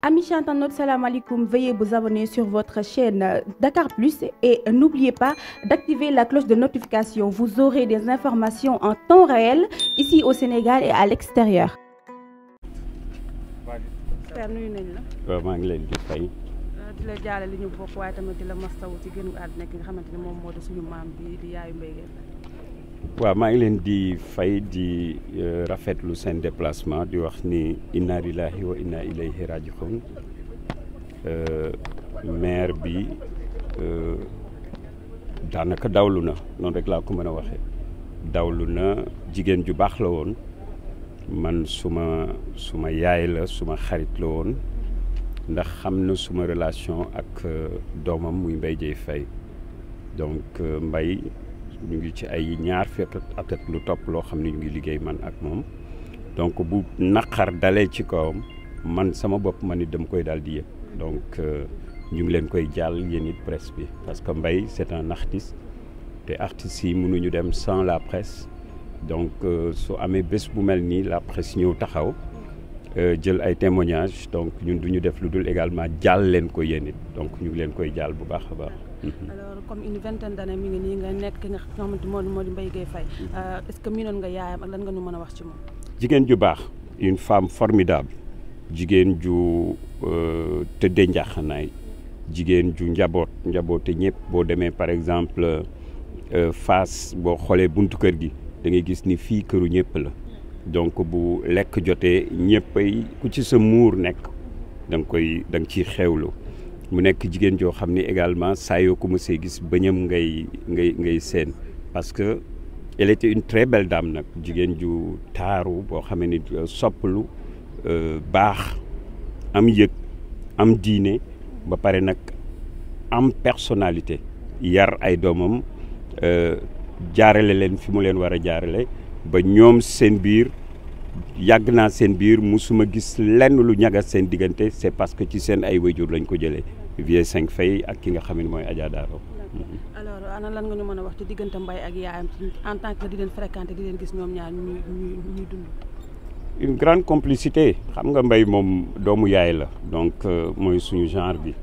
Amis chers internautes, salam alaikum. Veuillez vous abonner sur votre chaîne Dakar Plus et n'oubliez pas d'activer la cloche de notification. Vous aurez des informations en temps réel ici au Sénégal et à l'extérieur. waaw maa ngi leen di euh, di la jaale li ñu bokk waaye tamit la mastaw ci génn àdduna ki nga xamante ne moom moo di suñu maam bi di waaw maa ngi leen di fay di eh, rafetlu seen déplacement di wax ni inna lillahi wa inna ilayhi rajiun eh, maire bi eh, daanaka dawlu na noonu rek laa ko mën a waxee dawlu na jigéen ju baax la woon man suma suma yaay la suma xarit la woon ndax xam na suma relation ak doomam muy Mbaye Dieye Faye donc mbay ñu ngi ci ay ñaar fépp at lu topp loo xam ne ñu ngi liggéey man ak moom donc bu naqar dalee ci kawam man sama bopp man it dama koy daal di yëg donc euh, ñu ngi leen koy jàll yéen it press bi parce que Mbaye c'est un artiste te artistes yi mënuñu dem sans la presse donc euh, su amee bés bu mel nii la presse ñëw taxaw Euh, jël ay témoignages donc ñun du ñu def lu dul également jaal leen ko yéen it donc ñu leen koy jaal bu baax a baax. Mhm. alors comme une vingtaine d'années mi ngi nii nga nekk ki nga xamante moo moo di Mbaye Gueye Faye mhm. euh, est-ce que nga yaayam ak nga ñu mën a wax ci jigéen ju baax une femme formidable jigéen ju euh, tëddee njaaxanaay jigéen ju njaboot njaboote ñëpp boo demee par exemple fas boo xoolee buntu kër gi da ngay gis ni fii këru ñëpp la. donc bu lekk jotee ñëppay ku ci sa muur nekk da nga koy da nga ciy xewlu mu nekk jigéen joo xam ni également saa yoo ko mësee gis bëñam ngay ngay ngay seen parce que elle une très belle dame nag jigéen ju taaru boo xam ne euh, soppalu euh, baax am yëg am diine ba pare nag am personnalité yar ay doomam euh, jaarale leen fi mu leen war a jaarale ba ñoom seen biir yàgg naa seen biir musuma gis lenn lu ñagas seen diggante c'est parce que ci seen ay wayjur lañ ko jëlee Vieux Cinq Fay ak ki nga xam ne mooy Adja Daro ana lan nga ñu mën a wax ci diggante mbay ak yaayam en tant que di leen fréquenté di leen gis ñoom ñaar ñuy dund une grande complicité xam nga mbay moom doomu yaay la donc euh, mooy suñu genre bi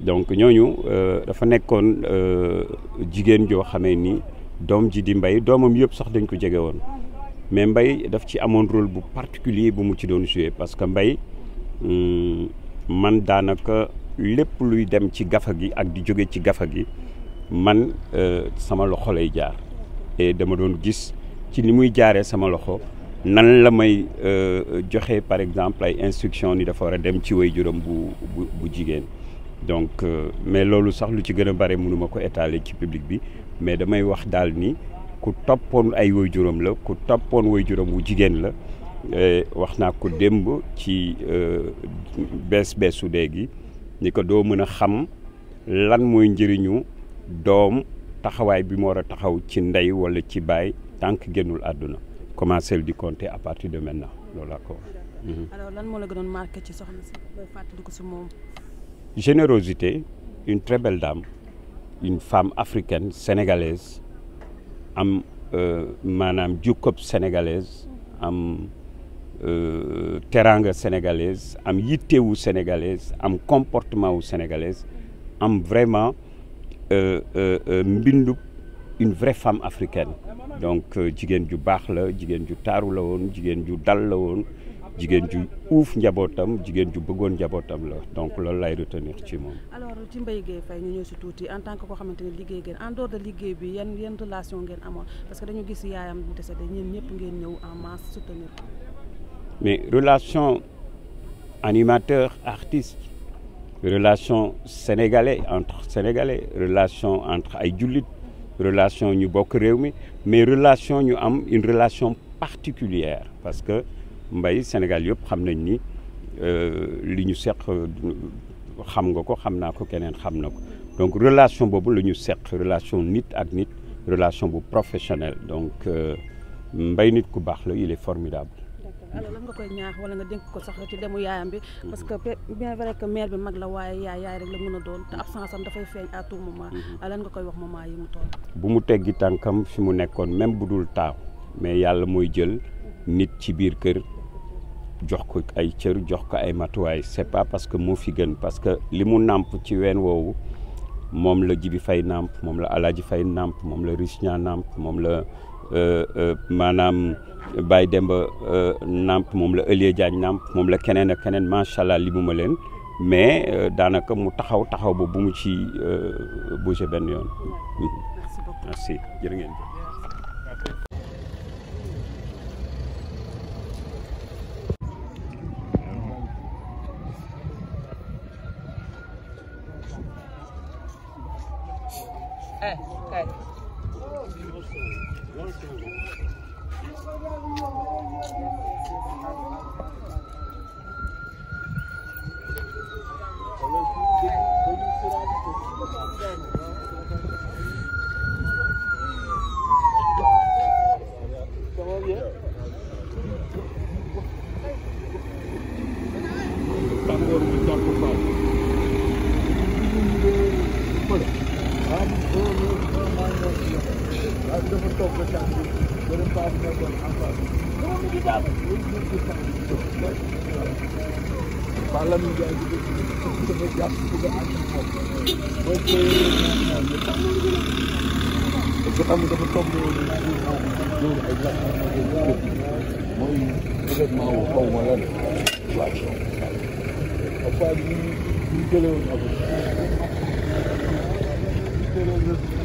donc ñooñu euh, dafa nekkoon euh, jigéen joo xamee nii doom ji di mbay doomam yëpp sax dañ ko jege woon mais mbay daf ci amoon rôle bu particulier bu mu ci doon joué parce que mbay hmm, man daanaka lépp luy dem ci gafa gi ak di jóge ci gafa gi man euh, sama loxo lay jaar et dama doon gis ci ni muy jaaree sama loxo nan la may euh, joxe par exemple ay instruction ni dafa war a dem ci way juróom bu bu bu jigéen donc euh, mais loolu sax lu ci gën a bare mënuma ko étaler ci public bi mais damay wax daal ni ku toppoon ay juróom la ku toppoon juróom wu jigéen la eh, wax naa ko démb ci euh, bees beesu léegi ni ko doo mën a xam lan mooy njëriñu doom taxawaay bi mu war a taxaw ci ndey wala ci baay tànk génnul àdduna commencé di compter à partir de maintenant loolu laa ko wax. Mhm. alors ci soxna ko si moom. générosité une très belle une femme africaine sénégalaise am euh, maanaam jukkoob sénégalaise am euh, teranga sénégalaise am yittewu sénégalaise am comportement wu sénégalaise am vraiment euh, mbindub une vraie femme africaine donc jigéen ju baax la jigéen ju taaru la woon jigéen ju dal la woon jigéen ju uuf njabootam jigéen ju bëggoon njabootam la donc loolu lay retenir ci moom. ci Mbaye Gueye Faye ñu ñëw si tuuti en tant que koo xamante ne liggéey ngeen en dehors de liggéey bi yan yan relation ngeen amoon parce que dañu gis yaayam bu décédé ñeen ñëpp ngeen ñëw en masse soutenir mais relation animateur artiste relation sénégalais entre sénégalais relation entre ay jullit relation ñu bokk réew mi mais relation ñu am une relation particulière parce que. mbay Sénégal yëpp xam nañ ni euh, li ñu seq xam nga ko xam naa ko keneen xam na ko donc relation boobu la ñu seq relation nit ak nit relation bu professionnelle donc euh, mbay nit ku baax la il est formidable. alors lan nga koy ñaax wala nga dénk ko sax ci demu yaayam bi. Mhm. parce que bien vrai que mère bi mag la waaye yaay yaay rek la mën a doon te absence am dafay feeñ à tout moment. Mhm. lan nga koy wax moment yi mu toll. bu mu teggi tànkam fi mu nekkoon même bu dul taaw mais yàlla mooy jël mhm. nit ci biir kër. jox ko ay cër jox ko ay matuwaay c'est pas parce que moo fi gën parce que li mu nàmp ci ween woowu moom la Jibi Fay nàmp moom la Alaaji Fay nàmp moom la Riche Niang nàmp moom la euh, euh, maanaam Baye Demba euh, nàmp moom la Elie Diagne nàmp moom la keneen ak keneen macha allah li mu ma leen mais daanaka mu taxaw taxaw ba bu mu ci bouger benn yoon merci ngeen É, cai. Tá corpo, tá corpo. ak dafa toog ba tànk bi beneen paa bu nekkoon en face bi. dama mujj daal dafa toog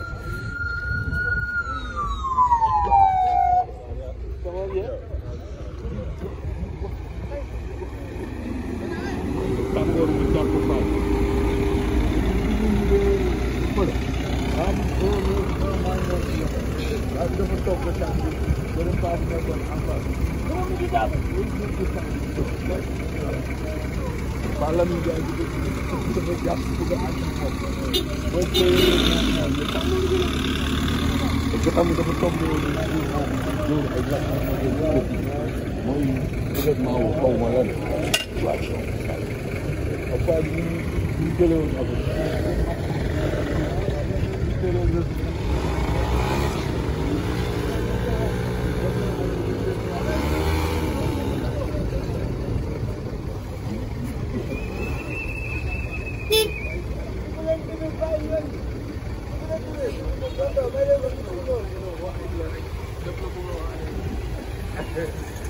ak dafa toog ba tànk bi beneen paa bu nekkoon en face bi. dama mujj daal. léegi ñu ngi tànk bi toog rek. waaw Lamine Ndiaye bi dafa jàpp bëgg a ànd ak moom. boo ko parce que xam nga dafa toog loolu loolu ay gàllankoor mooy événement wu xaw ma lan situation. papa bi ñu ñu jëlee woon